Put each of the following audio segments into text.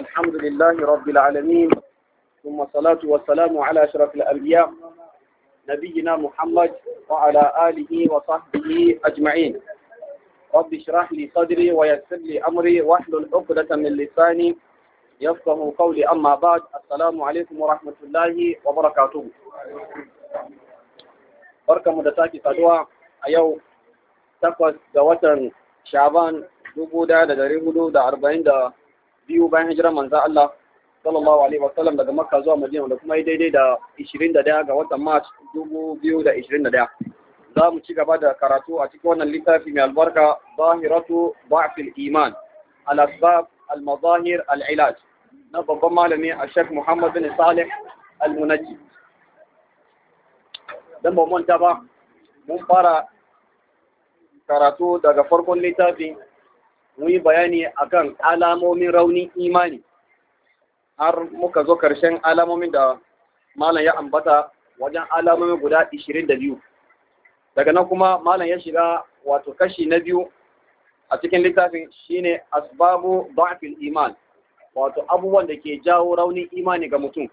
الحمد لله رب العالمين ثم الصلاة والسلام على أشرف الأنبياء نبينا محمد وعلى آله وصحبه أجمعين رب اشرح لي صدري ويسر لي أمري واحلل عقدة من لساني يفقه قولي أما بعد السلام عليكم ورحمة الله وبركاته barka mu da sake saduwa a yau takwas دا دا shaban dubu daya da dari hudu da arba'in da biyu bayan hijirar manzan Allah sallallahu alaihi wasallam daga Makka zuwa Madina da kuma daidai da 21 ga watan March 2021 za mu ci gaba da karatu a cikin wannan littafi mai albarka zahiratu ba'fil iman al-asbab al-mazahir al-ilaj na babban malami a Sheikh Muhammad bin Salih al-Munajji dan ba mun ta ba mun fara karatu daga farkon littafi Muyi bayani akan alamomin raunin imani har muka zo karshen alamomin da malam ya ambata wajen alamomin guda 22 daga nan kuma malam ya shiga wato kashi na biyu a cikin littafin shine asbabu da'fil iman wato abubuwan da ke jawo raunin imani ga mutum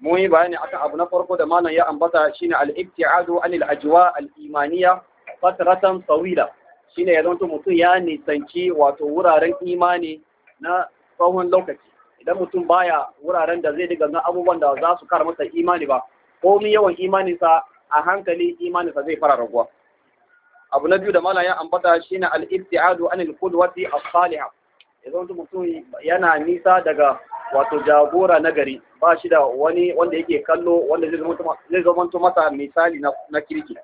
muyi bayani akan abu na farko da malam ya ambata shine al-ibtiadu anil ajwa al-imaniya fatratan tsawila. shine ya zama mutum ya nisanci wato wuraren imani na tsawon lokaci idan mutum baya wuraren da zai diga abubuwan da za su kara masa imani ba komi yawan imaninsa a hankali imaninsa zai fara raguwa abu na biyu da malam ya ambata shine al-ibtiadu anil qudwati as-salihah zama mutum yana nisa daga wato jagora na gari ba shi da wani wanda yake kallo wanda zai zama masa misali na kirki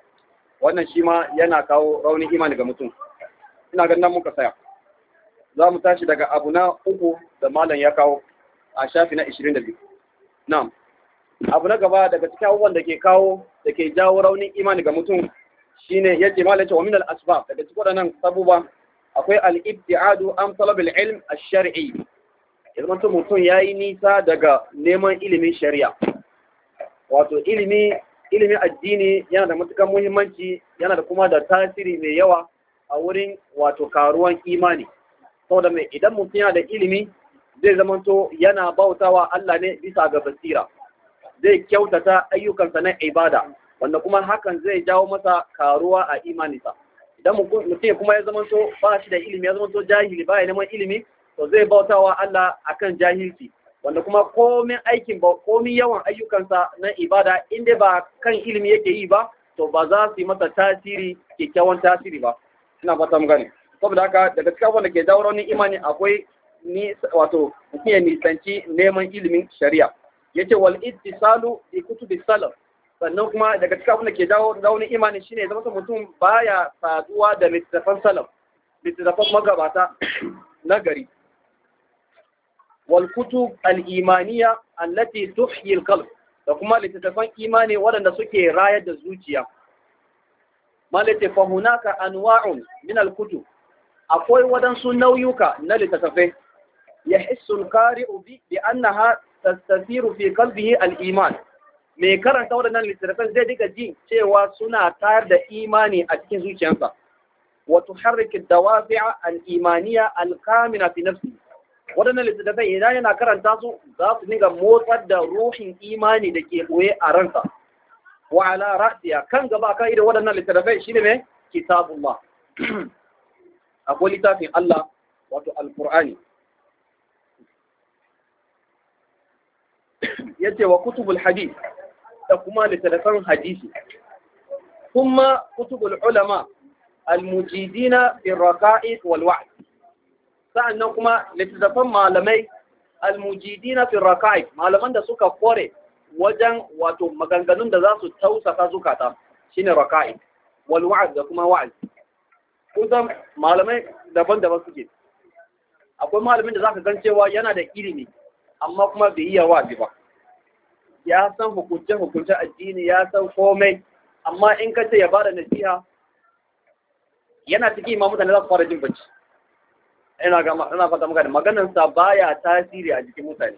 wannan shi ma yana kawo raunin imani ga mutum ina ganin muka saya za mu tashi daga abu na uku da malam ya kawo a shafi na 22 na'am abu na gaba daga cikin abubuwan da ke kawo da ke jawo raunin imani ga mutum shine yace malam ce wa min al asbab daga cikin waɗannan sabuba akwai al ibtiadu an talab al ilm al shar'i idan mutum yayi nisa daga neman ilimin shari'a wato ilimi ilimin addini yana da matukan muhimmanci yana da kuma da tasiri mai yawa a wurin wato karuwan imani saboda mai idan mutum yana da ilimi zai zamanto yana bautawa Allah ne bisa ga basira zai kyautata ayyukansa na ibada wanda kuma hakan zai jawo masa karuwa a imaninsa idan mutum kuma ya zamanto ba shi da ilimi ya zamanto jahili ba ya neman ilimi to zai bautawa Allah akan jahilci wanda kuma komin aikin ba komin yawan ayyukansa na ibada inda ba kan ilimi yake yi ba to ba za su yi masa tasiri kyakkyawan tasiri ba ina fata mu gane saboda haka daga cikin da ke dawo ni imani akwai ni wato mutum ya nisanci neman ilimin shari'a yace wal ittisalu bi kutubi salaf sannan kuma daga cikin da ke dawo ni imani shine zama mutum baya saduwa da littattafan salaf littattafan magabata na gari wal kutub al imaniya allati tuhyi al da kuma littattafan imani waɗanda suke rayar da zuciya malite fa hunaka anwa'un min al akwai wadansu nauyuka na littattafai ya hissu kari'u bi bi annaha tastasiru fi qalbihi al iman mai karanta waɗannan littattafan zai diga ji cewa suna tayar da imani a cikin zuciyarsa wa tuharrik ad-dawafi'a al imaniya al kamina fi waɗannan littattafai idan yana karanta su za su dinga motsar da ruhin imani da ke ɓoye a ransa wa ala ra'siya kan gaba kan idan waɗannan littattafai shine mai kitabullah akwai littafin Allah wato alqur'ani yace wa kutubul hadith da kuma littattafan hadisi kuma kutubul ulama al-mujidina fi raqa'iq wal wa'd sa'annan kuma littattafan malamai almujidina fi raka'i malaman da suka kore wajen wato maganganun da za su tausaka zukata shine raka'i wal da kuma wa’ad kusan malamai daban-daban suke akwai malamin da za ka cewa yana da ilimi amma kuma bai iya wa'azi ba ya san hukunce hukunce addini ya san komai amma in ka ce ya bada nasiha yana cikin imamu da za su fara jin bacci ina ina fata maka da maganar sa baya tasiri a jikin mutane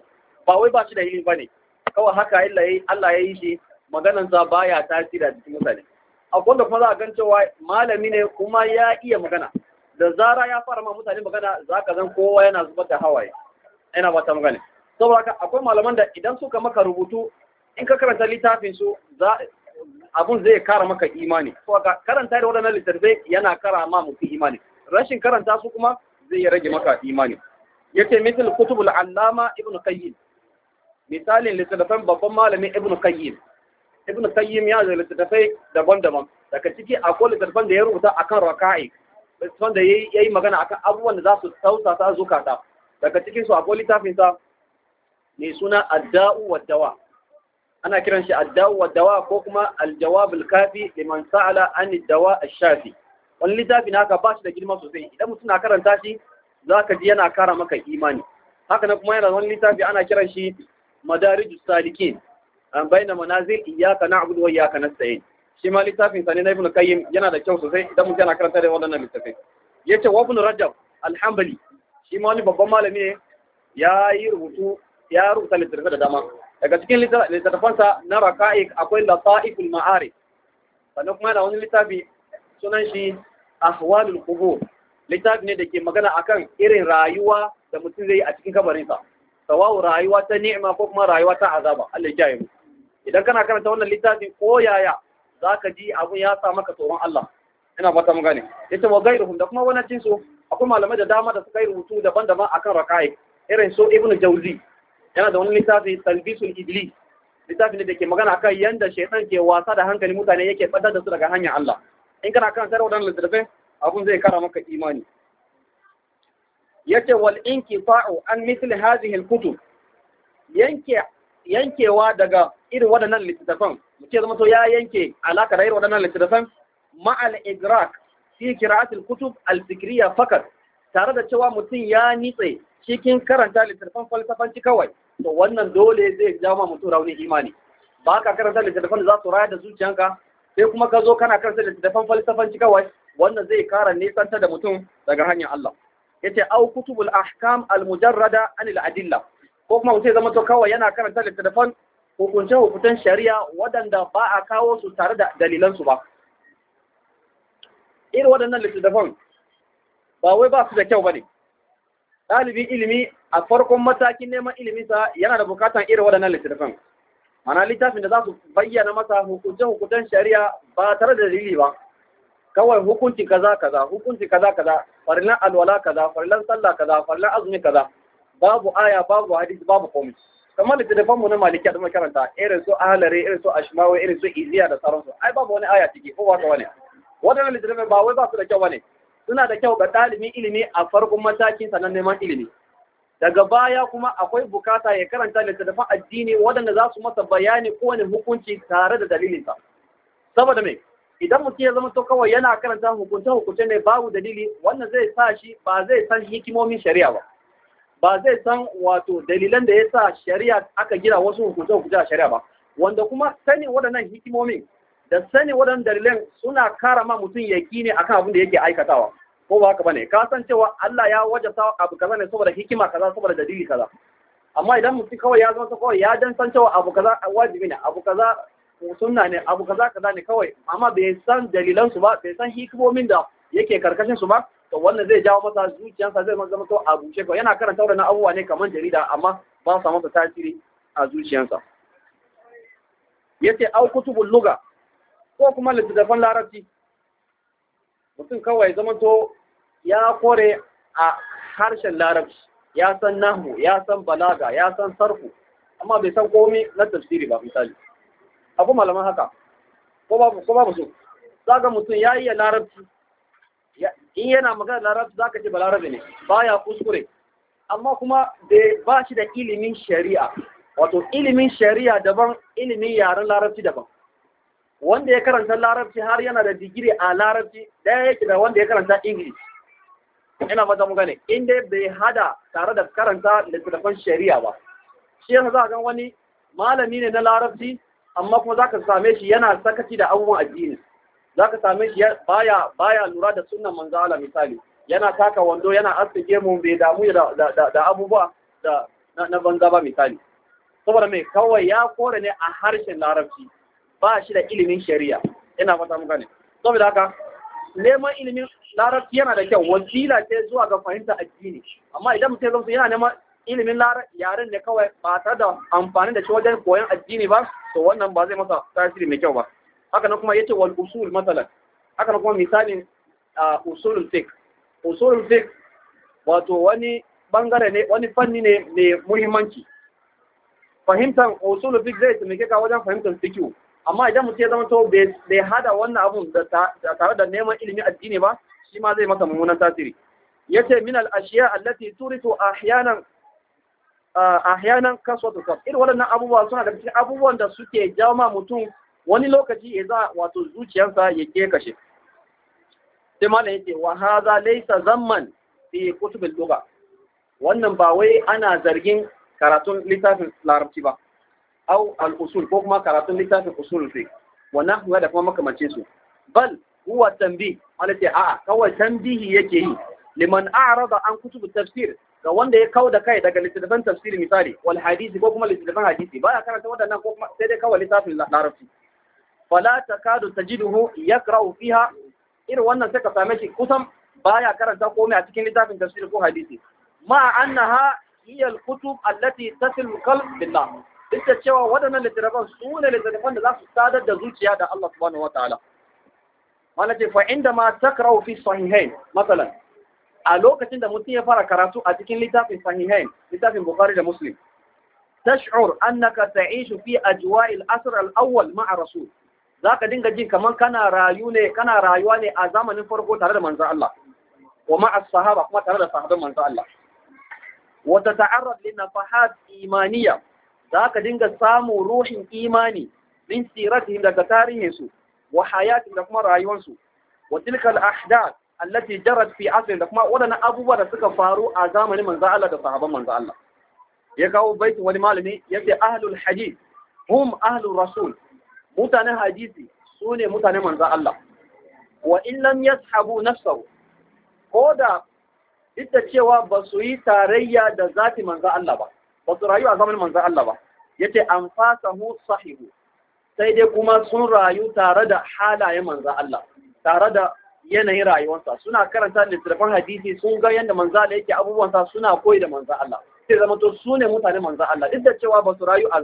ba wai ba shi da ilimi bane kawai haka illa yayi Allah ya yi shi maganar sa baya tasiri a jikin mutane akwai wanda kuma za a gan cewa malami ne kuma ya iya magana da zara ya fara ma mutane magana zaka zan kowa yana zubar da hawaye ina fata maka ne saboda haka akwai malaman da idan suka maka rubutu in ka karanta littafin su za abun zai kara maka imani saboda karanta da wadannan littattafai yana kara ma mutum imani rashin karanta su kuma zai yi rage maka imani yace misal kutubul allama ibnu qayyim misalin littattafan babban malamin ibnu qayyim ibnu qayyim ya da littattafai daban-daban daga ciki akwai littattafan da ya rubuta akan raka'i littattafan da ya yi magana akan abubuwan da za su tausasa zukata daga cikin su akwai littafin sa mai suna adda'u wa dawa ana kiran shi adda'u wa dawa ko kuma aljawab al-kafi liman sa'ala an dawa ash-shafi wani littafi na haka ba shi da girma sosai idan mutum na karanta shi za ka ji yana kara maka imani haka na kuma yana wani littafi ana kiran shi madarijus salikin an bayyana manazil iyyaka na'budu wa iyyaka nasta'in shi ma littafin sani na ibnu qayyim yana da kyau sosai idan mutum yana karanta da wannan littafi ya wa ibnu rajab alhambali shi ma wani babban malami ne ya yi rubutu ya rubuta littafi da dama daga cikin littafansa na raka'ik akwai lata'iful ma'ari. sannan kuma yana wani littafi sunan shi ahwalul qubur littafi ne da ke magana akan irin rayuwa da mutum zai yi a cikin kabarinsa sawawu rayuwa ta ni'ima ko kuma rayuwa ta azaba Allah ya kiyaye mu idan kana karanta wannan littafi ko yaya zaka ji abun ya sa maka tsoron Allah ina fata mun gane yace wa gairuhum da kuma cin cinsu akwai malamai da dama da suka yi rubutu daban-daban akan rakai, irin so ibnu jawzi yana da wani littafi talbisul iblis littafi ne da ke magana akan yanda shaytan ke wasa da hankali mutane yake fadar da su daga hanyar Allah in kana kan sarwa wadannan littattafai abun zai kara maka imani yace wal fa'u an mithl hadhihi al kutub yanke yankewa daga irin waɗannan littattafan muke zama to ya yanke alaka da irin waɗannan littattafan ma'al igrak fi al kutub al fikriya fakat tare da cewa mutum ya nitse cikin karanta littattafan falsafanci kawai to wannan dole zai jama mutum rauni imani ba ka karanta littattafan da za su raya da zuciyanka sai kuma ka zo kana karanta littattafan falsafanci kawai wannan zai kara nisanta da mutum daga hanyar Allah yace au kutubul ahkam al mujarrada anil adilla ko kuma mutum zama to kawai yana karanta littattafan hukunce hukuncen shari'a waɗanda ba a kawo su tare da dalilan su ba irin waɗannan littattafan ba wai ba su da kyau bane ɗalibin ilimi a farkon matakin neman iliminsa yana da bukatan irin waɗannan littattafan mana littafin da za su bayyana masa hukuncin shari'a ba tare da dalili ba kawai hukunci kaza kaza hukunci kaza kaza farilan alwala kaza farilan sallah kaza farilan azumi kaza babu aya babu hadisi babu komai kamar littattafan mu na maliki da makaranta irin su ahlare irin su ashmawi irin su iziya da sauransu ai babu wani aya ciki ko wata wani wadannan littattafai ba wai ba su da kyau bane suna da kyau ga ɗalibin ilimi a farkon matakin sanan neman ilimi daga baya kuma akwai bukata ya karanta littattafan addini waɗanda za su masa bayani kowane hukunci tare da dalilinsa saboda me idan mutum ya zama to kawai yana karanta hukunce hukunce ne babu dalili wannan zai sa shi ba zai san hikimomin shari'a ba ba zai san wato dalilan da ya sa shari'a aka gina wasu hukunce hukunce a shari'a ba wanda kuma sani waɗannan hikimomin da sani waɗannan dalilan suna kara ma mutum ne akan abin da yake aikatawa ko ba haka bane ka san cewa Allah ya wajabta abu kaza ne saboda hikima kaza saboda dalili kaza amma idan mutum kawai ya zama kawai ya dan san cewa abu kaza wajibi ne abu kaza sunna ne abu kaza kaza ne kawai amma bai san dalilan su ba bai san hikimomin da yake karkashin su ba to wannan zai jawo masa zuciyarsa zai zama to a bushe kawai yana karanta wannan abubuwa ne kamar jarida amma ba sa masa tasiri a zuciyarsa yace au kutubul luga ko kuma littattafan larabci mutum kawai zama to ya kore a harshen larabci ya san nahu ya san balaga ya san sarku, amma bai san komi na tafsiri ba misali abu malaman haka ko babu su Zaka mutum ya yi larabci in yana magana larabci zaka ce balarabe ne baya kuskure amma kuma ba shi da ilimin shari'a wato ilimin shari'a daban ilimin yaren larabci daban wanda ya karanta larabci har yana da digiri a larabci daya yake da wanda ya karanta english ina mata mu gane in dai bai hada tare da karanta littattafan shari'a ba shi yasa za ga wani malami ne na larabci amma kuma zaka same shi yana sakaci da abubuwan addini zaka same shi baya baya lura da sunnan manzo Allah misali yana taka wando yana asige mu bai damu da abubuwa da na banza ba misali saboda mai kawai ya kore ne a harshen larabci ba shi da ilimin shari'a ina fata mu gane saboda haka neman ilimin larabci yana da kyau wasila ce zuwa ga fahimta addini amma idan mutum zama yana neman ilimin yaren ne kawai ba tare da amfani da shi wajen koyon addini ba to wannan ba zai masa tasiri mai kyau ba haka nan kuma yace wal usul masalan haka nan kuma misalin usulul fiqh usulul fiqh wato wani bangare ne wani fanni ne mai muhimmanci fahimtar usulul fiqh zai taimake ka wajen fahimtar fiqh amma idan mutum ya zama to bai hada wannan abun da tare da neman ilimin addini ba shi ma zai maka mummunan tasiri yace min al ashiya allati turitu ahyanan ah, ahyanan kaswatu kaf irin waɗannan abubuwa suna da cikin abubuwan da suke jawo mutum wani lokaci ya za wato zuciyarsa ya ke kashe sai malam yace wa hadha laysa zamman fi kutub al-lugha wannan ba wai ana zargin karatun littafin larabci ba au al-usul ko kuma karatun littafin usul Wannan wa da kuma makamancin su bal huwa tambi wala ce a'a kawai tambihi yake yi liman a'rada an kutubu tafsir ga wanda ya kauda kai daga littattafan tafsiri misali wal hadisi ko kuma littattafan hadisi baya karanta wadannan ko kuma sai dai kawai littafin larabci fala takadu tajiduhu yakra'u fiha irin wannan sai ka same shi kusan baya karanta komai a cikin littafin tafsiri ko hadisi ma annaha hiya al kutub allati tasil qalb billah duk da cewa wadannan littattafan su ne littattafan da za su sadar da zuciya da Allah subhanahu wataala wala ce fa inda ma takrau fi sahihain masalan a lokacin da mutum ya fara karatu a cikin littafin sahihain littafin bukhari da muslim tash'ur annaka ta'ishu fi ajwa'il asr al-awwal ma'a rasul zaka dinga jin kaman kana rayu ne kana rayuwa ne a zamanin farko tare da manzon Allah wa ma'a sahaba kuma tare da sahabban manzon Allah wa tata'arrad lin nafahat imaniyya zaka dinga samu ruhin imani min siratihim daga tarihinsu wa da kuma rayuwarsu wa tilkal ahdath allati jarat fi asrin da kuma wadannan abubuwa da suka faru a zamanin manzo Allah da sahabban manzo Allah ya kawo baitin wani malami yace ahlul hadith hum ahlur rasul mutane hadisi sune mutane manzo Allah wa in lam yashabu nafsahu koda ita cewa ba su yi tarayya da zati manzo Allah ba ba su rayu a zamanin manzo Allah ba yace anfasahu sahihu sai dai kuma sun rayu tare da halayen manza Allah tare da yanayin rayuwarsa suna karanta littattafan hadisi sun ga yadda manza Allah yake abubuwansa suna koyi da manza Allah sai zama to su ne mutane manza Allah duk da cewa ba su rayu a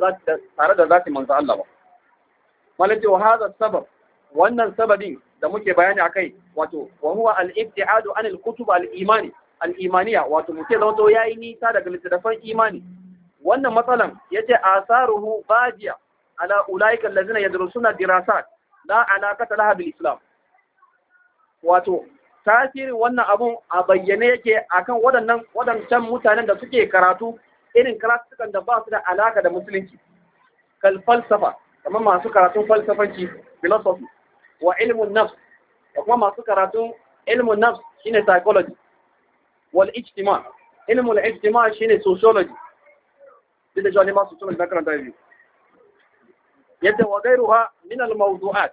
tare da zati manza Allah ba malaka wa hadha sabab wannan sababin da muke bayani akai wato wa huwa al-ibtiadu an al-kutub al-imani al-imaniya wato muke zama to yayi nisa daga littattafan imani wannan matsalan yace asaruhu badiya ala ulaika allazina yadrusuna dirasa la alaqata laha bil islam wato tasirin wannan abun a bayyane yake akan waɗannan waɗancan mutanen da suke karatu irin karatukan da ba su da alaka da musulunci kal falsafa kamar masu karatun falsafanci philosophy wa ilmun nafs da kuma masu karatun ilmun nafs shine psychology wal ijtima ijtima shine sociology da yadda wa gairuha min al-mawdu'at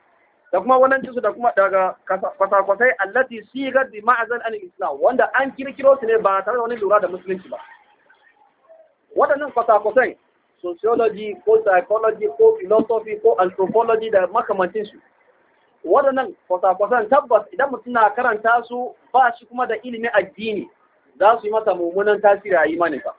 da kuma wannan cisu da kuma daga kwasa-kwasai allati sigar bi ma'azan an islam wanda an kirkiro su ne ba tare da wani lura da musulunci ba waɗannan kwasa-kwasai sociology ko psychology ko philosophy ko anthropology da makamantin su waɗannan kwasa-kwasan tabbas idan mutum na karanta su ba shi kuma da ilimin addini za su yi masa mummunan tasiri a yi mani ba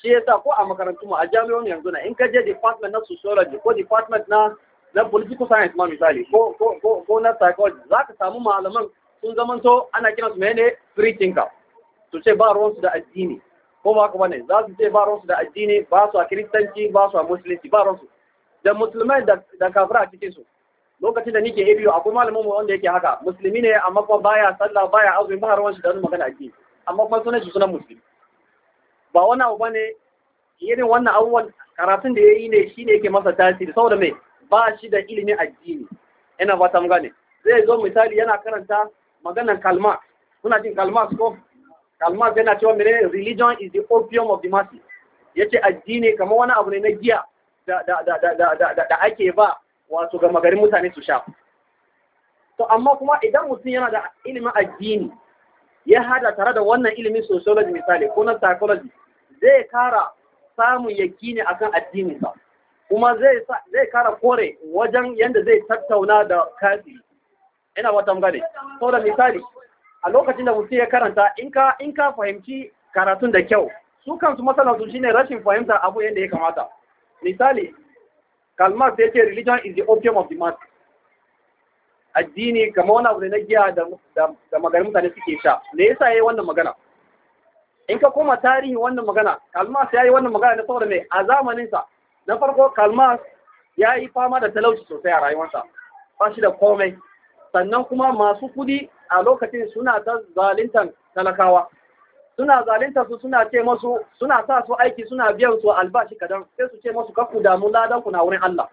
shi yasa ko a makarantu mu a jami'on yanzu na in ka je department na sociology ko department na na political science ma misali ko ko ko, ko na psychology za ka samu malaman sun to ana kiran su mene free thinker su ce ba ruwansu da addini ko ba ka bane za su ce ba ruwansu da addini ba su a kiristanci ba su a musulunci ba ruwansu da musulmai da da kafira a cikin su lokacin da nike ibiyo akwai malamin mu wanda yake haka musulmi ne amma kuma baya sallah baya azumi ba ruwansu da wani magana addini amma kuma sunan shi sunan musulmi ba wani abu bane irin wannan abubuwan karatun da ya yi ne shi ne yake masa tasiri saboda mai ba shi da ilimin addini yana ba ta gane zai zo misali yana karanta maganar kalma kuna jin kalma ko kalma yana cewa mene religion is the opium of the masses ce addini kamar wani abu ne na giya da ake ba wato ga magarin mutane su sha to amma kuma idan mutum yana da ilimin addini ya hada tare da wannan ilimin sociology misali ko na psychology zai kara samun yakini akan addininsa kuma zai kara kore wajen yadda zai tattauna da kafi ina wata gane so da misali a lokacin da mutum ya karanta in ka fahimci karatun da kyau su kansu su shine rashin fahimtar abu yadda ya kamata misali kalmar ya ce religion is the opium of the mass. addini kamar wani abu ne na giya da maganin mutane suke sha me yasa yayi wannan magana in ka koma tarihi wannan magana kalmas yi wannan magana ne saboda me a zamanin sa na farko kalmas yayi fama da talauci sosai a rayuwarsa ba shi da komai sannan kuma masu kudi a lokacin suna ta zalintan talakawa suna zalinta su suna ce masu suna sa su aiki suna biyan su albashi kadan sai su ce masu kakku damu ladan ku na wurin Allah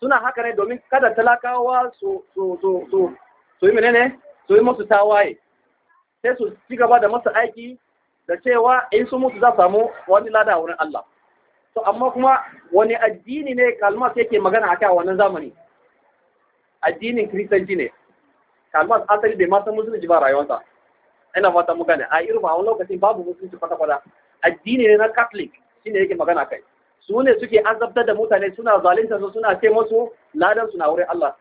suna haka ne domin kada talakawa su yi menene su yi musu tawaye sai su ci gaba da masu aiki da cewa in su mutu za samu wani lada wurin Allah to amma kuma wani addini ne kalmas yake magana a kai wannan zamani addinin kristanci ne kalmas asali bai masa musulunci ba rayuwarsa ina fata mu gane a irin ba wani lokacin babu musulunci fata fata addini ne na catholic shine yake magana kai su ne suke azabtar da mutane suna zaluntar su suna ce musu ladan suna wurin Allah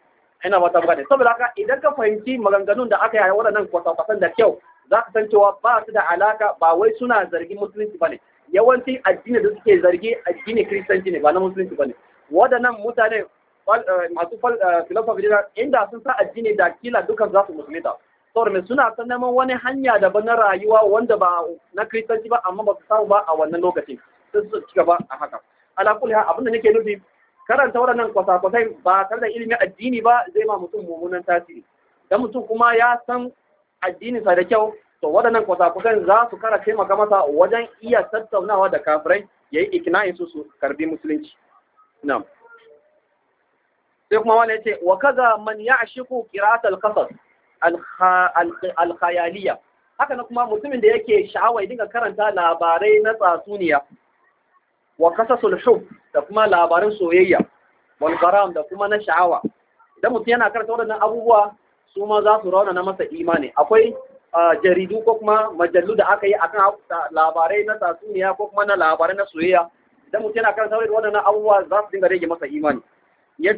ina ta bukata saboda haka idan ka fahimci maganganun da aka yi waɗannan kwasa-kwasan da kyau za ka san cewa ba su da alaka ba wai suna zargin musulunci ba ne yawanci addini da suke zargi addini kiristanci ne ba na musulunci ba ne waɗannan mutane eh, masu filosofi eh, da inda sun sa addini da kila duka za su musulunta saboda suna san neman wani hanya daban na rayuwa wanda ba na kiristanci ba amma ba su samu ba a wannan lokacin sai su ci gaba a haka alakul kulli abin nake nufi karanta waɗannan kwasa-kwasai ba tare da ilimin addini ba zai ma mutum mummunan tasiri dan mutum kuma ya san addininsa da kyau to waɗannan kwasa kwasai za su kara taimaka masa wajen iya tattaunawa da kafirai ya yi ikna'in su su karbi musulunci na'am sai kuma wani yace wa kaza man ya'shiku qira'at al-qasas al khayaliyah haka na kuma mutumin da yake sha'awa ya dinga karanta labarai na tsatsuniya wa qasasul hub da kuma labarin soyayya wal da kuma na sha'awa idan mutum yana karanta waɗannan abubuwa su ma za su raunana masa imani akwai jaridu ko kuma majallu da aka yi akan labarai na tatsuniya ko kuma na labarai na soyayya idan mutum yana karanta waɗannan abubuwa za su dinga rage masa imani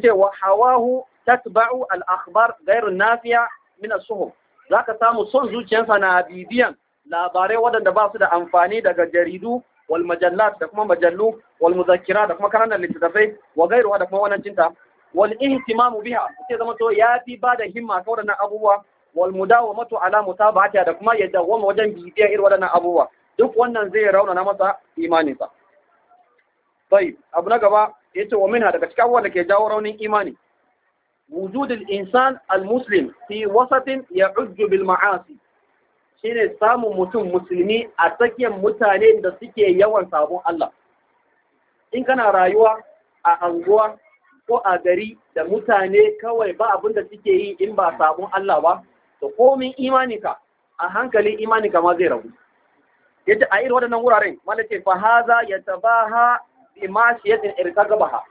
ce wa hawahu tatba'u al akhbar ghayr nafiya min as zaka samu son zuciyarsa na bibiyan labarai waɗanda ba su da amfani daga jaridu wal majallat da kuma majallu wal muzakkira da kuma karanta littattafai wa gairuwa da kuma wannan cinta wal ihtimamu biha sai zama to ya fi ba da himma kan waɗannan abubuwa wal mudawamatu ala mutaba'atiha da kuma yadda wani wajen bibiyar irin waɗannan abubuwa duk wannan zai rauna na masa imaninsa طيب abu na gaba yace wa minha daga cikin da ke jawo raunin imani wujudul insan al-muslim fi wasatin ya'ujj bil ma'asi shine samun mutum musulmi a tsakiyar mutane da suke yawan sabon Allah in kana rayuwa a anguwa ko a gari da mutane kawai ba abin da suke yi in ba sabon Allah ba to komin imanika a hankalin imanika ma zai ragu Yadda a irin waɗannan wuraren wanda ce fa haza yatabaha bi ha,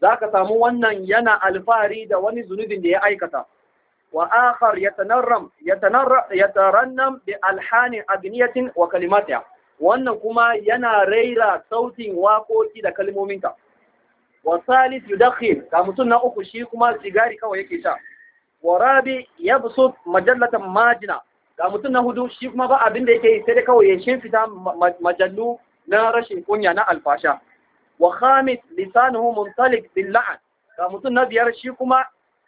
Za ka samu wannan yana alfahari da wani zunubin da ya aikata wa akhar yatanarram yatanarra yatarannam bi alhanin agniyatin wa kalimatiha wannan kuma yana raira sautin waƙoƙi da kalimomin wa salis yudakhil ga mutum na uku shi kuma sigari kawai yake sha wa rabi yabsut majallatan majina ga mutum na hudu shi kuma ba abin da yake yi sai dai kawai ya shimfita majallu na rashin kunya na alfasha wa khamis lisanuhu muntalik bil la'an ga mutum na biyar shi kuma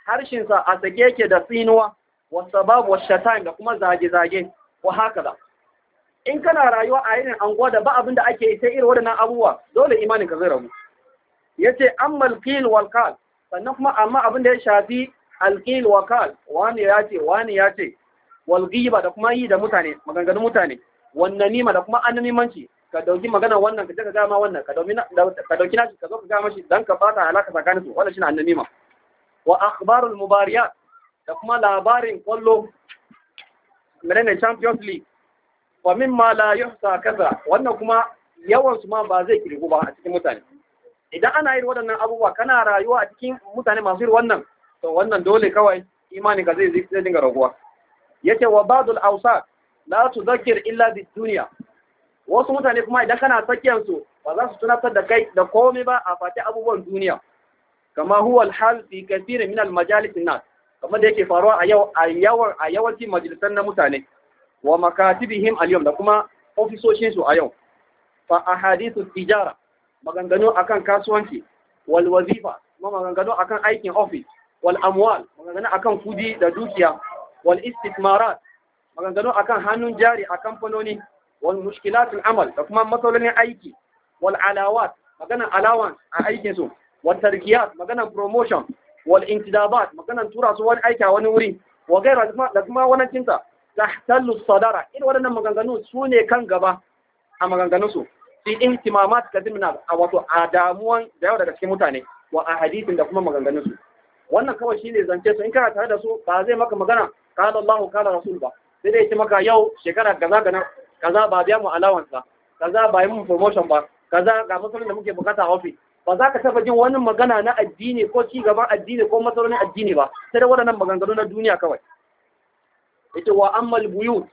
harshensa a sake yake da tsinuwa wa sabab wa shatan da kuma zage-zage wa haka da in kana rayuwa a irin anguwa da ba abin da ake yi sai irin waɗannan abubuwa dole imanin ka zai rabu yace ce qil wal qal sannan kuma amma abin da ya shafi al qil Wani qal wani yace wani yace wal Walgiba, da kuma yi da mutane maganganun mutane wannan nima da kuma annanimanci ka dauki magana wannan ka je ka gama wannan ka dauki ka dauki nashi ka zo ka gama shi dan ka fata halaka tsakanin su wannan shi ne annanima wa akhbarul mubariyat da kuma labarin kwallo menene Champions League wa mimma la yuhsa kaza wannan kuma yawan su ma ba zai kirgu ba a cikin mutane idan ana yin waɗannan abubuwa kana rayuwa a cikin mutane masu yin wannan to wannan dole kawai imani ka zai zai dinga raguwa yace wa badul awsa la tuzakkir illa bid dunya wasu mutane kuma idan kana tsakiyar su ba za su tunatar da kai da komai ba a fati abubuwan duniya kama huwa alhal fi kathir min almajalis nas kamar da yake faruwa a yau a yawan a yawanci majalisan na mutane wa makatibihim al da kuma ofisoshin su a yau fa ahadithu tijara maganganu akan kasuwanci wal wazifa kuma maganganu akan aikin office wal amwal maganganu akan kudi da dukiya wal istithmarat maganganu akan hannun jari a kamfanoni wal mushkilatul amal da kuma matsalolin aiki wal alawat magana alawa a aikin su watarkiyat maganan promotion wal intidabat maganan tura su aiki a wani wuri wa gaira da kuma wani cinta tahtallu sadara irin waɗannan maganganu su ne kan gaba a maganganun su fi intimamat kadimnal a wato a da yawa daga cikin mutane wa a hadisin da kuma maganganun wannan kawai shine zance su in kana tare da su ba zai maka magana ka allah qala rasul ba sai da ce maka yau shekara gaza gana kaza ba biya mu allowance kaza ba yi mu promotion ba kaza ga musulmin da muke bukata a office ba za ka taba jin wani magana na addini ko ci gaban addini ko matsalolin addini ba sai da waɗannan maganganu na duniya kawai ita wa ammal buyut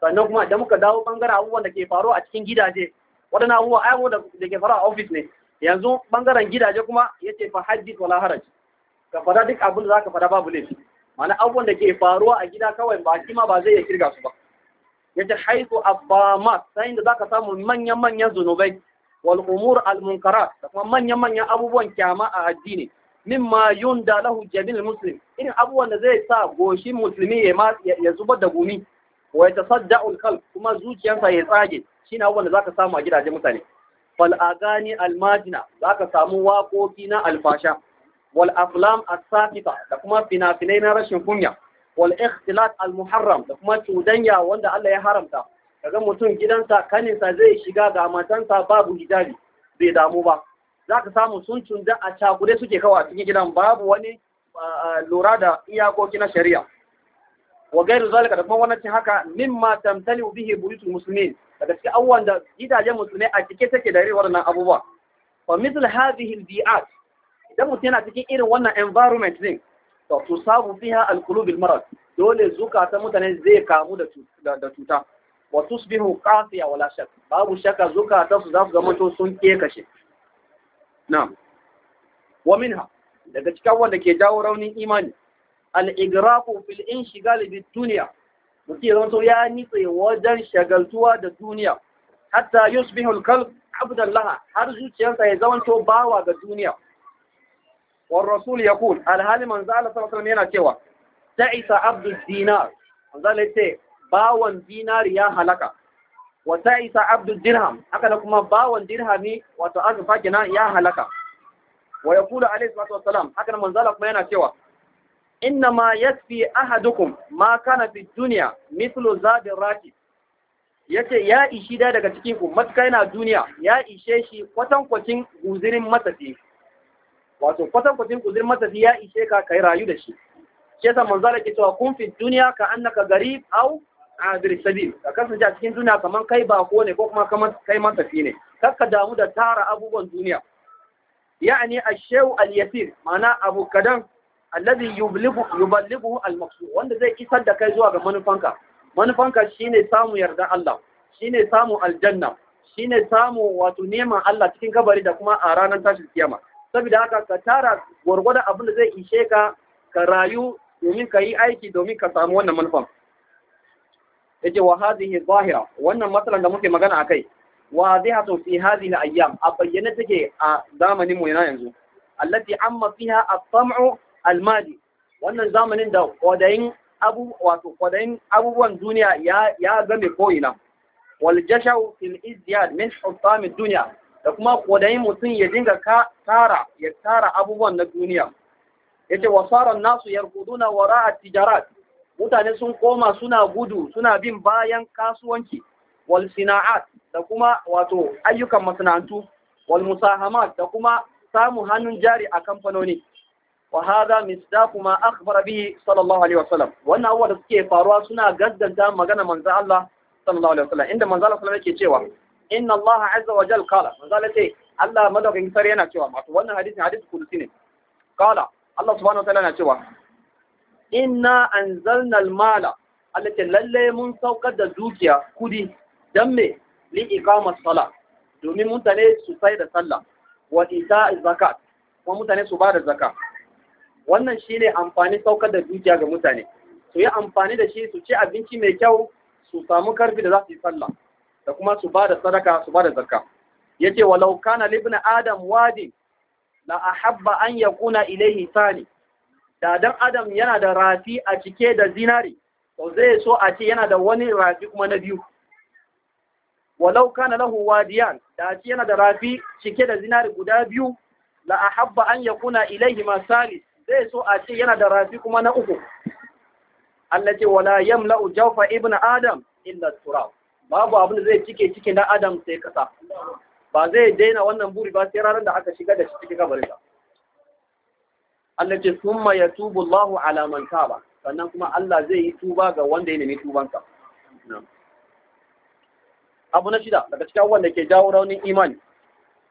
sannan kuma da muka dawo bangaren abubuwan da ke faruwa a cikin gidaje waɗannan abubuwa ai da ke faruwa a ofis ne yanzu bangaren gidaje kuma yace fa haddith wala haraj ka fada duk abin da za ka fada babu laifi mana abubuwan da ke faruwa a gida kawai ba shi ma ba zai iya kirga su ba yace haitu abba ma sai da za ka samu manyan manyan zunubai wal umur al munkarat da kuma manya-manyan abubuwan kyama a addini mimma yunda lahu jabil muslim irin abubuwan da zai sa goshin musulmi ya zubar da gumi wa ya tasadda'ul qalb kuma zuciyarsa ya tsage shine abubuwan da zaka samu a gidajen mutane fal agani al majina ka samu waƙoƙi na alfasha wal aflam as da kuma fina-finai na rashin kunya wal ikhtilat al muharram da kuma cudanya wanda Allah ya haramta kaga mutum gidansa kaninsa zai shiga ga matansa babu hijabi bai damu ba za ka samu sun cunda a cakure suke kawa cikin gidan babu wani lura da iyakoki na shari'a wa gairu zalika da kuma wannan cin haka mimma tamtali bihi buyutul muslimin daga cikin abubuwan da gidajen musulmai a cike take da irin waɗannan abubuwa fa mithl hadhihi albi'at idan mutum yana cikin irin wannan environment din to tusabu fiha alqulub almarad dole zukata mutane zai kamu da cuta wa tusbihu qasiya wala shak babu shaka zukata su za su zama to sun kashe. na'am wa minha daga cikin wanda ke jawo raunin imani al-igraqu fil inshigal bid dunya mutum ya zama ya nitse wajen shagaltuwa da duniya hatta yusbihu al-qalb abdan har zuciyarsa ya zama to bawa ga duniya wal rasul yaqul al hal manzo sallallahu alaihi wasallam yana cewa ta'isa abdud dinar manzo yace bawan dinari ya halaka wata isa abdul dirham haka da kuma bawan dirhami wato azurfa kenan ya halaka wa ya kula alaihi salatu wassalam haka nan manzala kuma yana cewa inna ma yakfi ahadukum ma kana fi dunya mithlu zadir raki yace ya ishi da daga cikin ku matuka yana duniya ya ishe shi kwatankwacin guzirin matafi wato kwatankwacin guzirin matafi ya ishe ka kai rayu da shi shi yasa manzala ke cewa kun fi duniya ka annaka garib au abir sabi ka kasance a cikin duniya kamar kai bako ne ko kuma kamar kai matafi ne kakka damu da tara abubuwan duniya ya'ani ashew al-yasir ma'ana abu kadan alladhi yubligu yuballighu al wanda zai isar da kai zuwa ga manufanka manufanka shine samu yarda Allah shine samu aljanna shine samu wato neman Allah cikin kabari da kuma a ranar tashin kiyama saboda haka ka tara gwargwadon abin da zai ishe ka ka rayu domin ka yi aiki domin ka samu wannan manufan yace wa hadhihi zahira wannan matsalan da muke magana akai wadihatun fi hadhihi ayyam a bayyana take a zamanin mu yana yanzu allati amma fiha at-tam'u al-madi wannan zamanin da kodayin abu wato kwadayin abubuwan duniya ya ya game ko ina wal jashaw fil izdiyad min hutami dunya da kuma kwadayin mutun ya dinga ka tara ya tara abubuwan na duniya yace wasara an-nasu wara a tijarat mutane sun koma suna gudu suna bin bayan kasuwanci wal sina'at da kuma wato ayyukan masana'antu wal musahamat da kuma samu hannun jari a kamfanoni wa hadha misdaqu ma akhbara bihi sallallahu alaihi wasallam wannan abubuwa da suke faruwa suna gaddanta magana manzo Allah sallallahu alaihi wasallam inda manzo Allah yake cewa inna Allah azza wa jalla qala manzo Allah ce Allah madaukakin sarki yana cewa wato wannan hadisi hadisi kudusi ne qala Allah subhanahu wa ta'ala yana cewa inna anzalna almala mala, ce lalle mun saukar da dukiya kudi dan me li iqamat sala domin mutane su sai da sallah wa Isa zakat kuma mutane su ba da zaka wannan shine amfani saukar da dukiya ga mutane su yi amfani da shi su ci abinci mai kyau su samu karfi da za su yi salla da kuma su ba da sadaka su ba da Ya yace walau kana libna adam wadi la ahabba an yakuna ilayhi sani da dan adam yana da rafi a cike da zinari to zai so a ce yana da wani rafi kuma na biyu walau kana lahu wadiyan da ce yana da rafi cike da zinari guda biyu la ahabba an yakuna ilayhi masali zai so a ce yana da rafi kuma na uku Allah ce wala yamla'u jawfa ibnu adam illa turab babu abin da zai cike cikin dan adam sai kasa ba zai daina wannan buri ba sai ranar da aka shiga da shi cikin kabarinsa Allah ce summa yatubu Allahu ala man taba sannan kuma Allah zai yi tuba ga wanda ya nemi tubansa abu na shida daga cikin wanda ke jawo raunin imani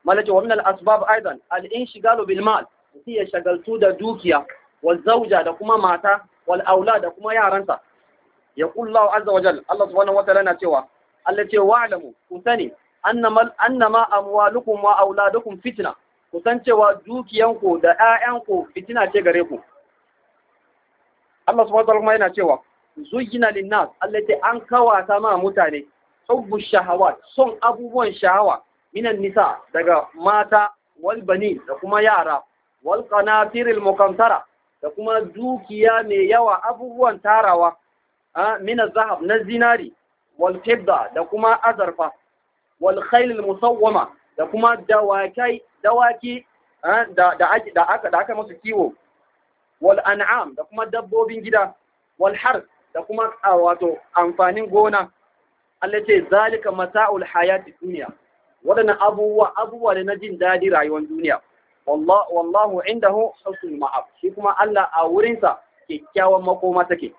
malaka wa min al asbab aidan al inshigalu bil mal mutum ya shagaltu da dukiya wa zauja da kuma mata wal aula da kuma yaranta ya kullahu azza wa jalla Allah subhanahu wa ta'ala na cewa Allah ce wa'lamu ku annama annama amwalukum wa auladukum fitna ku san cewa dukiyanku da ‘ya'yanku fitina ce gare ku. Allah su wata kuma yana cewa zuyyina linnas ce an kawata ma mutane hubbu shahawa son abubuwan shahawa minan nisa daga mata walbani, bani da kuma yara wal qanatiril mukantara da kuma dukiya mai yawa abubuwan tarawa mina zahab na zinari wal da kuma azarfa wal khayl musawwama da kuma dawakai dawaki eh, da aka da aka musu kiwo wal an'am da kuma dabbobin gida wal har da kuma ah, wato amfanin gona Allah ce zalika mata'ul hayati dunya wadannan abubuwa abubuwa ne na jin dadi rayuwar duniya wallahu wallahu indahu husnul ma'ab shi kuma Allah a wurinsa kyakkyawan makoma take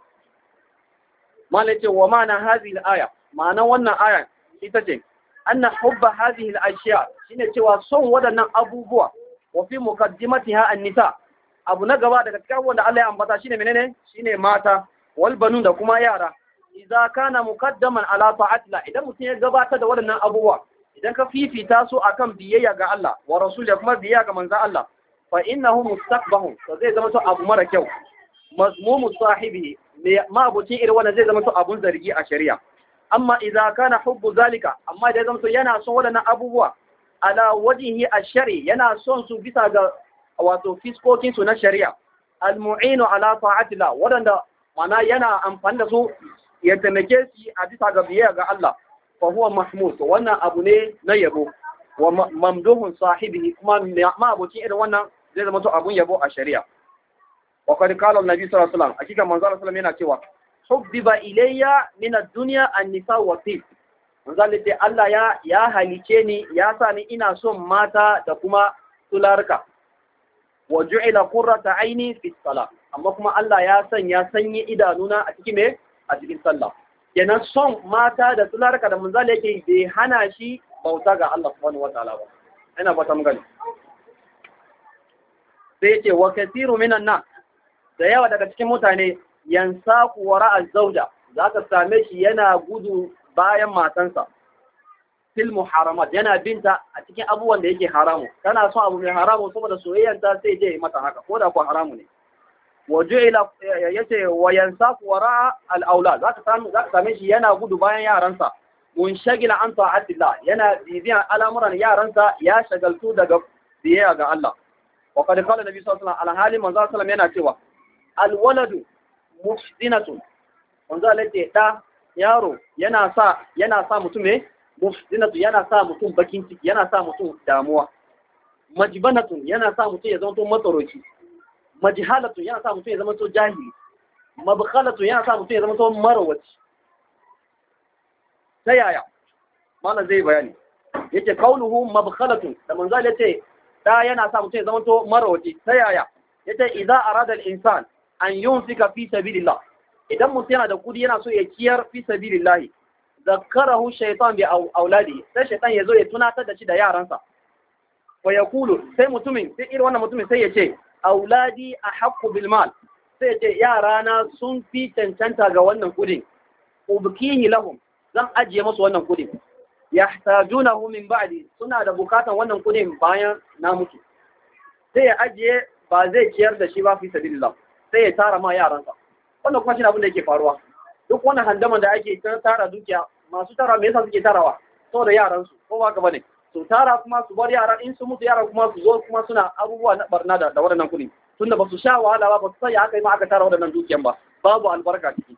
malai wa wa ma'ana al aya ma'anan wannan aya ita ce anna hubba hadhihi al-ashya shine cewa son waɗannan abubuwa wa fi muqaddimatiha an-nisa abu na gaba daga cikin wanda Allah ya ambata shine menene shine mata wal banun da kuma yara idza kana muqaddaman ala ta'atla idan mutum ya gabatar da waɗannan abubuwa idan ka fifita su akan biyayya ga Allah wa rasuli kuma biyayya ga manzon Allah fa innahu mustaqbahum to zai zama to abu mara kyau mazmumu sahibi ma abucin irin wanda zai zama to abun zargi a shari'a amma idza kana hubbu zalika amma da zamto yana son wadannan abubuwa ala wajhi ash-shari yana son su bisa ga wato fiskokin su na shari'a al-mu'inu ala ta'atillah wadanda mana yana amfani da su ya taimake shi a bisa ga biyayya ga Allah fa huwa mahmud wannan abu ne na yabo wa mamduhun sahibihi kuma ma abokin irin wannan zai zama to abun yabo a shari'a wa qad qala an-nabi sallallahu alaihi wasallam hakika manzo sallallahu alaihi wasallam yana cewa hubbiba ilayya min ad-dunya an-nisa wa tif te Allah ya ya halice ni ya sani ina son mata da kuma tularka wa ju'ila qurrata aini fi salat amma kuma Allah ya sanya sanyi idanuna a cikin me a cikin sallah kenan son mata da tularka da manzo yake bai hana shi bauta ga Allah subhanahu wataala ba ina fata mun gani sai ce wa kathiru minan nas da yawa daga cikin mutane yansaku wara az za ka same shi yana gudu bayan matansa Filmu muharamat yana binta a cikin abubuwan da yake haramu kana son abu mai haramu saboda soyayyanta sai je mata haka ko da ko haramu ne waju'ila yace same shi yana gudu bayan yaransa shagila an ta'atillah yana bibiyan al'amuran yaransa ya shagaltu daga biyayya ga Allah wa qad nabi sallallahu alaihi wasallam alhali manzo sallallahu alaihi wasallam yana cewa alwaladu mufsinatun wanzu a laifin ɗa yaro yana sa yana sa mutum ne mufsinatun yana sa mutum bakin ciki yana sa mutum damuwa majibanatun yana sa mutum ya zama to matsoroci majihalatun yana sa mutum ya zama to jahili mabukhalatun yana sa mutum ya zama to marawaci ta yaya malam zai bayani yake kaunuhu mabukhalatun da manzo ce da yana sa mutum ya zama to marawaci ta yaya yace idza arada al-insan an yunfika fi sabilillah idan mutum yana da kudi yana so ya ciyar fi sabilillah zakarahu shaytan bi auladi sai shaytan yazo ya tunatar da shi da yaransa wa yaqulu sai mutumin sai irin wannan mutumin sai ya ce auladi ahaqqu bil mal sai ce yarana sun fi cancanta ga wannan kudin ubkihi lahum zan ajiye musu wannan kudin yahtajunahu min ba'di suna da bukatan wannan kudin bayan na mutu sai ya ajiye ba zai ciyar da shi ba fi sabilillah sai ya tara ma yaransa wannan kuma shi abin da yake faruwa duk wannan handama da ake tara dukiya masu tara me yasa suke tarawa saboda yaran su ko ba bane su tara kuma su bar yara in su mutu yara kuma su zo kuma suna abubuwa na barna da da waɗannan kuɗi tunda ba su sha wahala ba ba su sai aka yi ma aka tara waɗannan dukiyan ba babu albarka ciki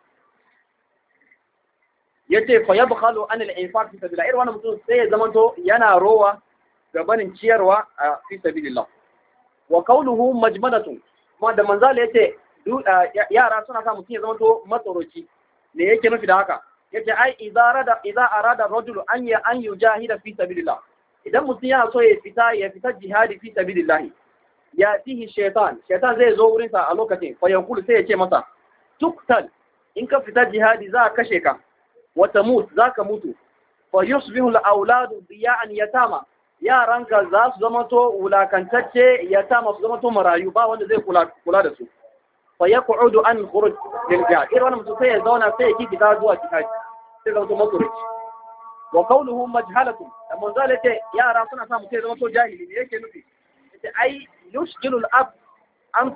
yace fa ya yabkhalu an al-infaq fi sabilillah irin wannan mutum sai ya zamanto yana rowa gabanin ciyarwa a fi sabilillah wa qawluhu majmadatun kuma da manzala yace eh, yara suna sa mutum ya zama to matsoroci me yake nufi da haka yace ai idza arada idza arada rajul an ya an yujahida fi sabilillah idan mutum yana so ya fita ya fita jihadi fi sabilillah ya tihi shaitan shaitan zai zo wurinsa a lokacin fa yankulu sai ya ce masa tuktal in ka fita jihadi za a kashe ka wata mut za ka mutu fa yusbihu al-auladu diya'an yatama yaranka za su zama to wulakantacce ya ta masu zama to marayu ba wanda zai kula da su fa ya udu an kuruj lil irin wannan mutum sai ya zauna sai ya kiki zuwa jihad sai zama to makuruj wa qawluhu majhalatun da manzo yake yara suna sa mutum ya zama to jahili ne yake nufi yace ai ab an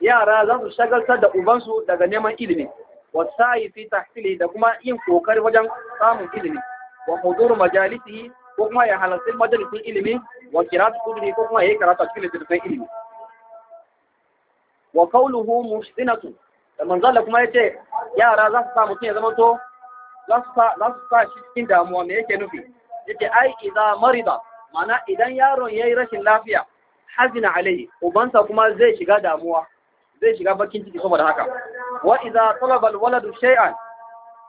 yara za su da ubansu daga neman ilimi wa sa'i fi tahsili da kuma yin kokari wajen samun ilimi wa hudur majalisihi ko kuma ya halarci majalisin ilimi wa kiratu kutubi ko kuma ya yi karatu cikin littattafan ilimi wa kauluhu muhsinatu da manzala kuma yace yara za su sa mutum ya zama to za su sa shi cikin damuwa me yake nufi yake ai idan marida mana idan yaron yayi rashin lafiya hazina alai ubansa kuma zai shiga damuwa zai shiga bakin ciki saboda haka wa idan talaba alwaladu shay'an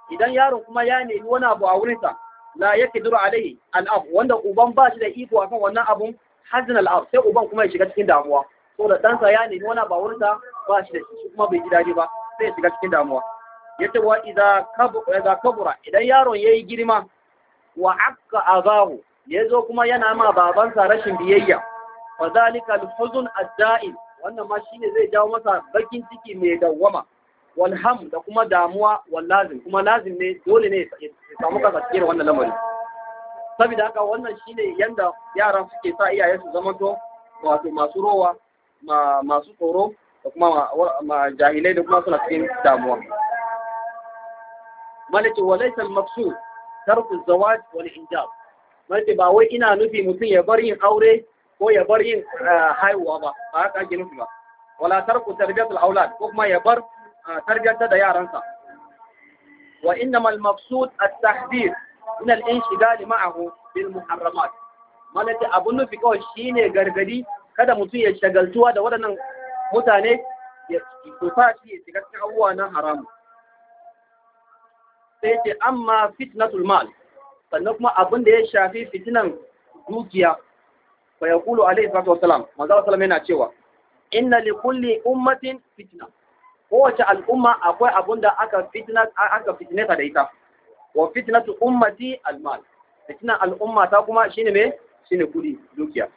idan yaron kuma ya nemi wani abu a wurinsa la yake alai al-ab wanda uban ba shi da iko akan wannan abun hazin al-ab sai uban kuma ya shiga cikin damuwa so da ɗansa ya nemi wani ba wurta ba shi da shi kuma bai ji daɗi ba sai ya shiga cikin damuwa yace wa idza kabura idan yaron yayi girma wa akka ya zo kuma yana ma babansa rashin biyayya fa zalika al-huzn ad-da'im wannan ma shine zai jawo masa bakin ciki mai dawwama walham da kuma damuwa wal lazim kuma lazim ne dole ne ya samu kasa cikin wannan lamari saboda haka wannan shine yanda yaran suke sa iyaye su zama to wato masu rowa masu tsoro da kuma jahilai da kuma suna cikin damuwa malaki wa al-maqsud tarku zawaj wal injab malaki ba wai ina nufi mutum ya bar yin aure ko ya bar yin eh, haihuwa ba ba haka ake nufi ba wala tarku tarbiyatul aulad ko kuma ya bar tarbiyyar da yaransa wa innamal maqsud at-tahdhir min al-inshigal ma'ahu bil muharramat malaka abun nufi kawai shine gargadi kada mutum ya shagaltuwa da waɗannan mutane ya tufa shi ya shiga cikin abubuwa na haramu sai ce amma fitnatul mal sannan kuma abin da ya shafi fitinan dukiya fa yaqulu alayhi salatu wassalam manzo sallallahu alaihi wasallam yana cewa inna li kulli ummatin fitna kowace al'umma akwai abun da aka fitna aka da ita wa fitnatu ummati almal Fitina al'umma ta kuma shine me ne kudi dukiya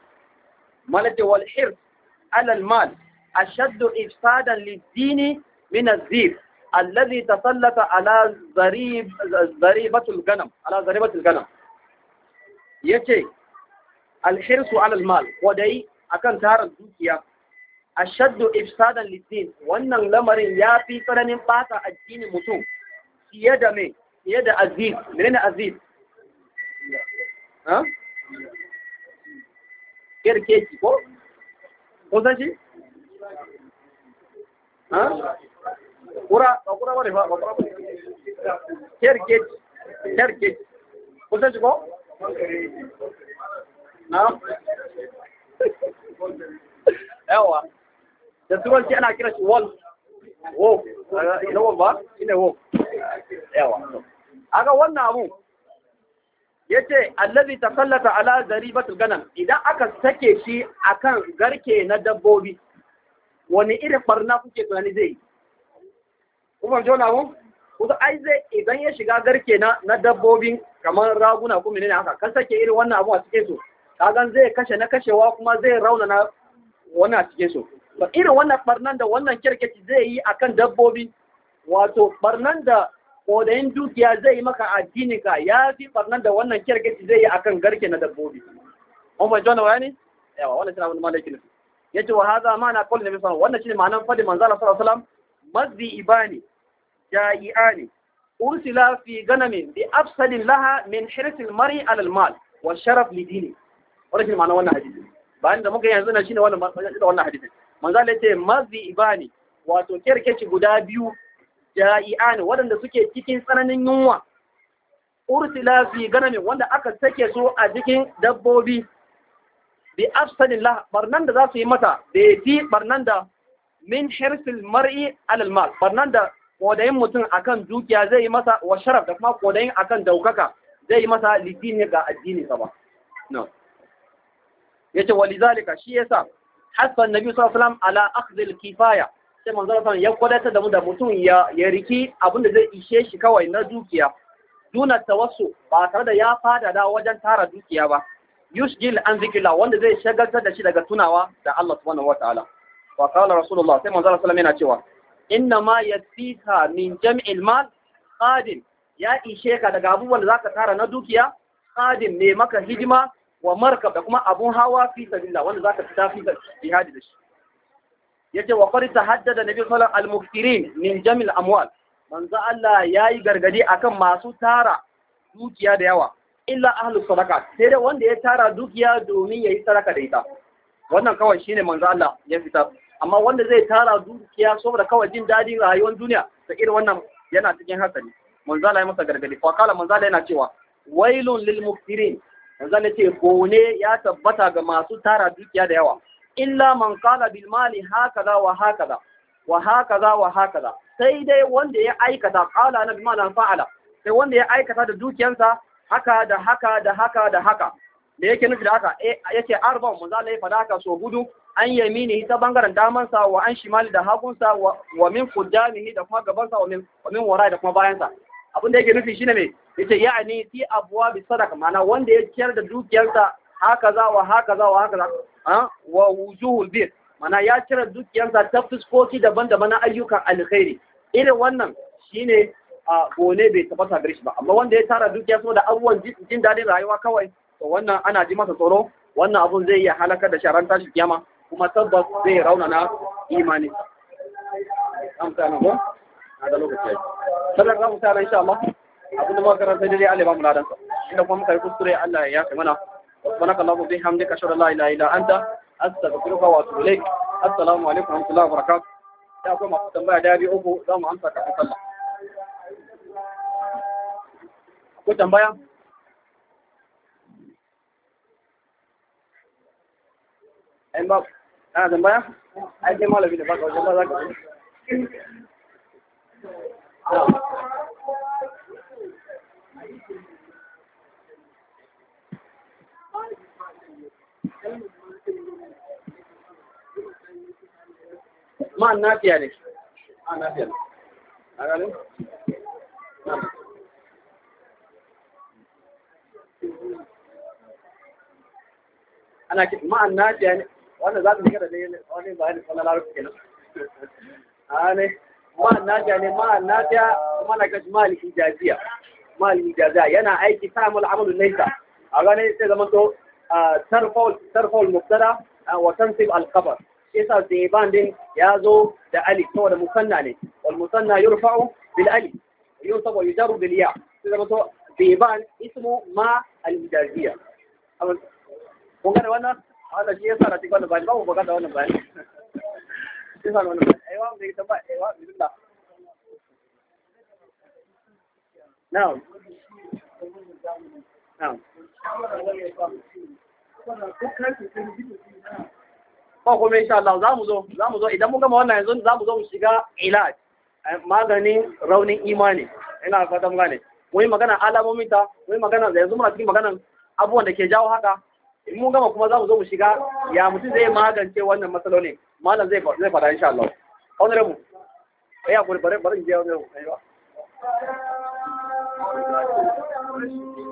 malati wal hirs ala almal ashaddu ifsadan lid-dini min az-zib alladhi tasallata ala zarib zaribatul ganam ala zaribatul ganam yace al hirsu ala wadai akan tarar dukiya ashaddu ifsadan litin wannan lamarin ya fi tsananin bata addinin mutum fiye da me fiye da aziz menene aziz ha kerkeci ko ko san ha kura ba kura bane ba kura bane kerkeci kerkeci ko san ko na yawa da turanci ana kira shi wall wo ina wall ba ina wo yawa aga wannan abu yace allazi tasallata ala zaribatul ganam idan aka sake shi akan garke na dabbobi wani irin barna kuke tunani zai yi kuma jona mu kusa ai zai idan ya shiga garke na na dabbobin kamar raguna ko menene haka kan sake irin wannan abu a cikin su kagan zai kashe na kashewa kuma zai rauna na wannan a cikin su ba irin wannan barnan da wannan kirkici zai yi akan dabbobi wato barnan da kodayin dukiya zai yi maka addini ka ya fi barnan da wannan kirkici zai yi akan garke na dabbobi Mun fahimci wannan wani yawa wannan shine abin da malaki yace wa hadha ma'ana qawli nabi sallallahu wannan shine ma'anar fadi manzo sallallahu alaihi wasallam mazdi ibani ja'iani ursila fi ganami bi afsadin laha min hirsil mari alal mal wa sharaf lidini wannan shine ma'anar wannan hadisi bayan da muka yanzu na shine wannan wannan hadisi da ce mazi ibani wato kerkeci guda biyu ja'i'an waɗanda suke cikin tsananin yunwa ursila fi ganami wanda aka sake su a cikin dabbobi bi afsadillah barnan da za su yi mata da fi barnan da min hirsil mar'i alal mal barnan da kodayin mutum akan dukiya zai yi masa wa sharaf da kuma kodayin akan daukaka zai yi masa litini ga addini sa ba no yace walizalika shi yasa hasan nabi ala akhdhil kifaya sai manzo sallallahu ya kwadatar da mu da mutum ya ya riki abinda zai ishe shi kawai na dukiya duna tawassu ba tare da ya fada da wajen tara dukiya ba yushgil an Zikila wanda zai shagaltar da shi daga tunawa da Allah subhanahu wataala wa qala rasulullah sai manzo sallallahu yana cewa inna ma yasika min jam'il mal qadim ya ishe ka daga abubuwan da zaka tara na dukiya qadim ne maka hidima wa markab da kuma abun hawa fi sabilillah wanda zaka fita fi jihadi da shi yace wa qad tahaddada nabi sallallahu alaihi wasallam min jamil amwal manzo Allah yayi gargadi akan masu tara dukiya da yawa illa ahlu sadaqa sai da wanda ya tara dukiya domin yayi sadaka da ita wannan kawai shine manzo Allah ya fita amma wanda zai tara dukiya saboda kawai jin dadin rayuwar duniya da irin wannan yana cikin hatsari manzo Allah ya masa gargadi fa kala manzo Allah yana cewa wailun lil muktirin yanzu ne ce bone ya tabbata ga masu tara dukiya da yawa illa man qala bil mali hakaza wa hakaza wa hakaza wa hakaza sai dai wanda ya aikata qala na bil mali fa'ala sai wanda ya aikata da dukiyansa haka da haka da haka da haka da yake nufi da haka eh, yake arba'un manzo Allah ya fada haka so gudu an yamini ta bangaren sa, wa an shimali da sa, wa min qudamihi da kuma gabansa wa min wa min wara da kuma bayan sa. abin da yake nufi shine me yace ya'ani fi abuwa bi sadaka mana wanda ya ciyar da dukiyarsa haka za wa haka za wa haka za wa wujuhul bir mana ya ciyar da dukiyarsa ta fuskoki daban-daban na ayyukan alkhairi irin wannan shine a gone bai tabbata gare shi ba amma wanda ya tara dukiya da abubuwan jin dadin rayuwa kawai to wannan ana ji masa tsoro wannan abun zai iya halakar da sharan tashi kiyama kuma tabbas zai raunana imani amsa na ko na da lokaci sai za mu tsara insha Allah abin da muka karanta dai Allah ba mu ladan sa inda kuma muka yi kuskure Allah ya yafe mana subhanaka allahumma bihamdika ashhadu an la ilaha illa anta astaghfiruka wa atubu ilaik assalamu alaikum wa rahmatullahi wa barakatuh da akwai masu tambaya da biyu uku za mu amsa kafin sallah akwai tambaya ɗan ba ana tambaya ai sai malami da baka wajen ba za ka ma nafiya ne ma nafiya ne ana ki ma'an nafiya ne wanda za ta shiga da wani bayani wani larabci kenan a ne ma nafiya ne ma nafiya kuma na kashi mal ijaziya mal ijaziya yana aiki samun al'amalin laisa a ganin sai zama to ترفع ترفع المبتدا آه، وتنصب الخبر ايسا زيبان دين يازو دا علي سوى دا مصنع لين والمصنع يرفع بالالي ينصب ويجر بالياء زيبان اسمه ما المجازية وانا هذا شيء صار تقول له بعد ما هو بقعد وانا بعد تسمع وانا بعد ايوه من كتب ايوه بسم الله نعم Ba kuma insha Allah za mu zo, za mu zo idan mu gama wannan yanzu za mu zo mu shiga ilaj, eh, maganin raunin imani, ina fata mu gane. Mun magana alamomin ta, wai magana yanzu muna cikin maganan abubuwan da ke jawo haka. In mun gama kuma za mu zo mu shiga ya mutum zai magance wannan matsaloli. Malam zai zai fada insha Allah. Honorable ya Eh hakuri bari bare je honorable. Thank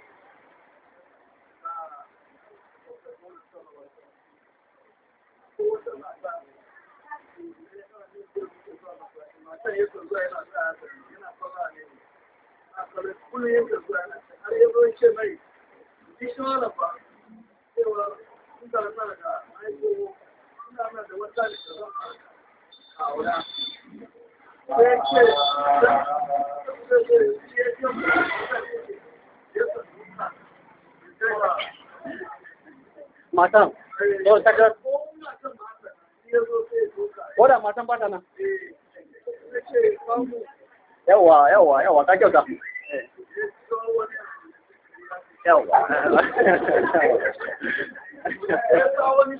yana na da na matan yau ta ga ko matan ba ta nan yawa yawa yawa ka kyauta yawa wani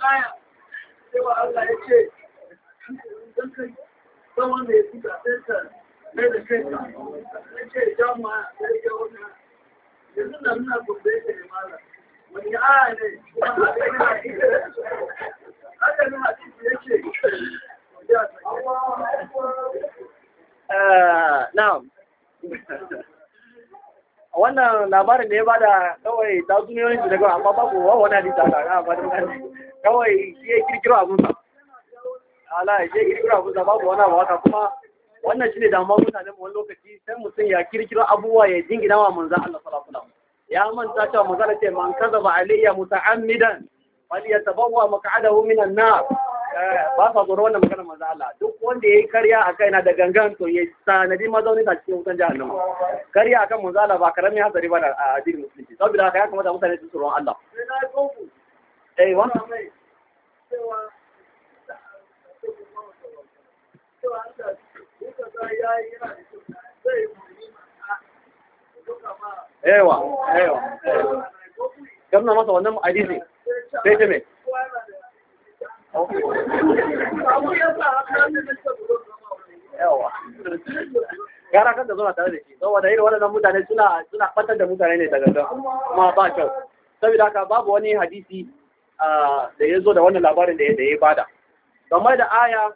aya Eh, na'am wannan labarin da ya bada kawai ta duniyoyin shi daga amma babu wa wani hadisi ta kara ba kawai shi ya kirkiro abun sa ala shi ya kirkiro abun sa babu wani waka kuma wannan shine damuwar mutane wani lokaci sai mutum ya kirkiro abubuwa ya jingina wa manzo Allah sallallahu alaihi ya manta cewa manzo ce man kaza ba alayya muta'ammidan fal yatabawwa maq'adahu minan nar Eh, ba sa tsoron wannan magana manzo Allah duk wanda yayi karya a kaina da gangan to ya sanadi mazaunin a cikin wutan jahannama karya akan manzo Allah ba karami hasari ba a addinin musulunci saboda haka ya kamata mutane su tsoron Allah eh wa Ewa, eh, ewa. Eh, Gamna masa wannan hadisi. Sai ce me? gara kan da zuwa tare da shi saboda irin waɗannan mutane suna suna fatar da mutane ne daga gan kuma ba kyau saboda haka babu wani hadisi da ya zo da wannan labarin da ya bada kamar da aya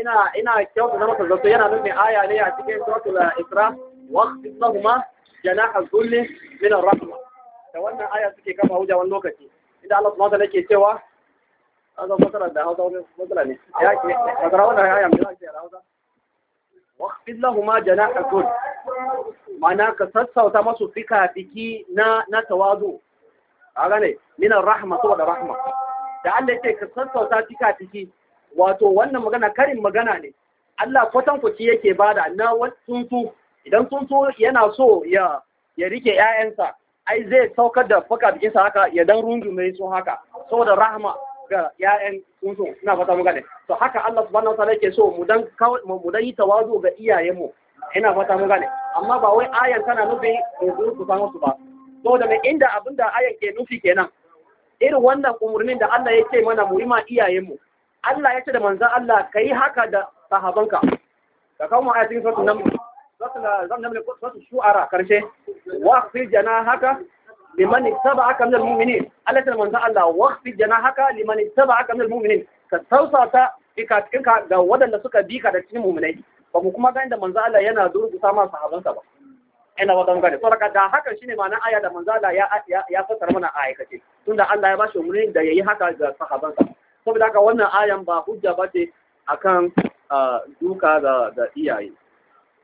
ina ina kyautu na masa zato yana nufin aya ne a cikin suratul isra waqti lahuma janaha dhulli min ar-rahma da wannan aya suke kafa hujja wani lokaci inda Allah subhanahu wa ta'ala yake cewa kaga matsala da hausa wani sassauta masu fika fiki na na rahma da Allah yake ka sassauta wato wannan magana karin magana ne Allah kwatan yake bada na tsuntsu idan tsuntsu yana so ya ya rike 'ya'yansa ai zai saukar da faka bikinsa haka ya dan mai su haka saboda rahma ga ƴaƴan kunso ina fata muka ne to haka Allah subhanahu wataala yake so mu dan mu dan yi tawazu ga iyayenmu ina fata muka ne amma ba wai ayan tana nufi ku san musu ba saboda mai inda da ayan ke nufi kenan irin wannan umurnin da Allah ya ce mana mu yi ma iyayenmu Allah ya ce da manzan Allah ka yi haka da sahabanka ka kawo mu ayatin suratul naml suratul naml suratul shu'ara karshe wa akhfil janahaka liman ittaba'aka minal mu'minin Allah ta manzo Allah waqfi janahaka liman ittaba'aka minal mu'minin ka sausata ikatinka ga waɗanda suka bi ka da cikin mu'minai ba mu kuma ganin da manzo Allah yana durgusa ma sahabansa ba ina wadan gane saboda da hakan shine ma'ana aya da manzo Allah ya ya fassara mana a aikace tunda Allah ya bashi umarni da yayi haka ga sahabansa saboda haka wannan ayan ba hujja ba ce akan duka ga iyaye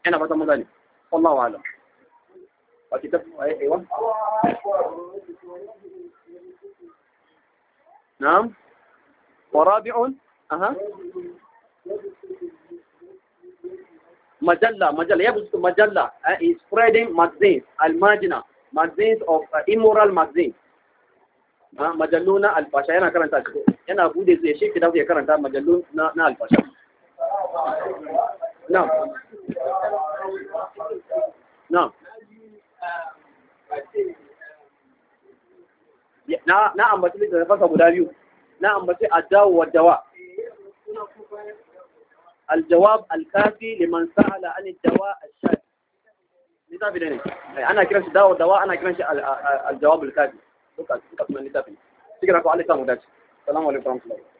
ina fata mun gani. wallahu a'lam إيه، أيوة. نعم ورابع اها مجله مجله يبدو مجله uh, spreading magazines الماجنه magazines of uh, immoral magazines مجلونا الفاشا انا كرنتا انا بودي زي شي كده يا كرنتا مجلونا نا الفاشا نعم نعم na ambaci da guda biyu na ambaci addawu wa dawa الجواب الكافي لمن سأل عن الدواء الشاذ littafi ne ne ana kiran shi dawo dawa ana kiran shi aljawabul kafi duka duka sunan littafi cikin rafa alaikum dace assalamu alaikum warahmatullahi